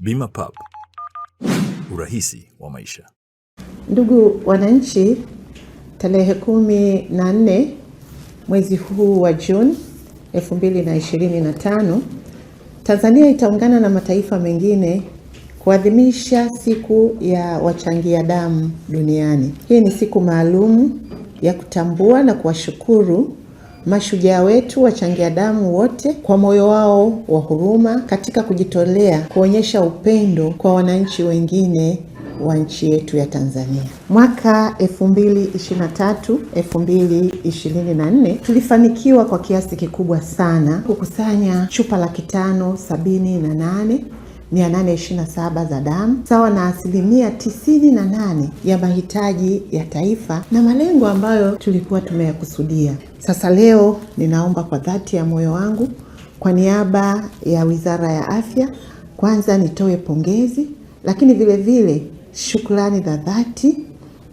Bima Pub, urahisi wa maisha. Ndugu wananchi, tarehe kumi na nne mwezi huu wa Juni tano Tanzania itaungana na mataifa mengine kuadhimisha siku ya wachangia damu duniani. Hii ni siku maalum ya kutambua na kuwashukuru Mashujaa wetu wachangia damu wote kwa moyo wao wa huruma katika kujitolea kuonyesha upendo kwa wananchi wengine wa nchi yetu ya Tanzania. Mwaka 2023 2024 tulifanikiwa kwa kiasi kikubwa sana kukusanya chupa laki tano sabini na nane 827 za damu sawa na asilimia 98 ya mahitaji ya taifa na malengo ambayo tulikuwa tumeyakusudia. Sasa leo ninaomba kwa dhati ya moyo wangu kwa niaba ya Wizara ya Afya, kwanza nitoe pongezi, lakini vile vile shukrani za dhati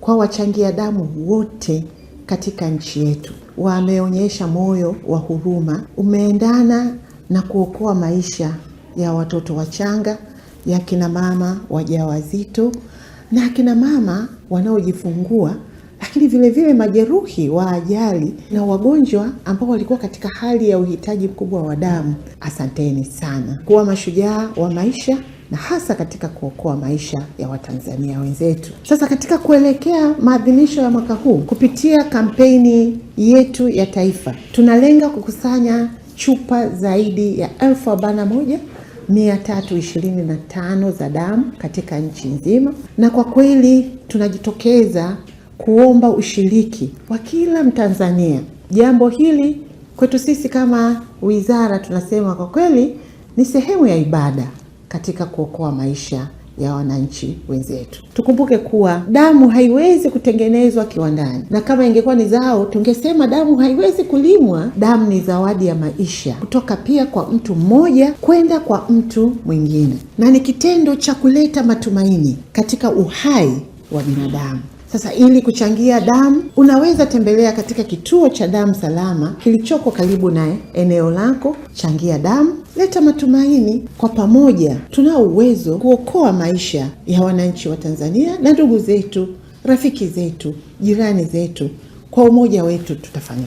kwa wachangia damu wote katika nchi yetu. Wameonyesha moyo wa huruma, umeendana na kuokoa maisha ya watoto wachanga ya kina mama wajawazito na kina mama wanaojifungua, lakini vilevile majeruhi wa ajali na wagonjwa ambao walikuwa katika hali ya uhitaji mkubwa wa damu. Asanteni sana kuwa mashujaa wa maisha na hasa katika kuokoa maisha ya Watanzania wenzetu. Sasa katika kuelekea maadhimisho ya mwaka huu, kupitia kampeni yetu ya taifa, tunalenga kukusanya chupa zaidi ya elfu arobaini na moja 325 za damu katika nchi nzima, na kwa kweli tunajitokeza kuomba ushiriki wa kila Mtanzania. Jambo hili kwetu sisi kama wizara tunasema kwa kweli ni sehemu ya ibada katika kuokoa maisha ya wananchi wenzetu. Tukumbuke kuwa damu haiwezi kutengenezwa kiwandani, na kama ingekuwa ni zao tungesema damu haiwezi kulimwa. Damu ni zawadi ya maisha kutoka pia kwa mtu mmoja kwenda kwa mtu mwingine, na ni kitendo cha kuleta matumaini katika uhai wa binadamu. Sasa ili kuchangia damu, unaweza tembelea katika kituo cha damu salama kilichoko karibu na eneo lako. Changia damu, leta matumaini. Kwa pamoja, tunao uwezo kuokoa maisha ya wananchi wa Tanzania na ndugu zetu, rafiki zetu, jirani zetu. Kwa umoja wetu tutafanya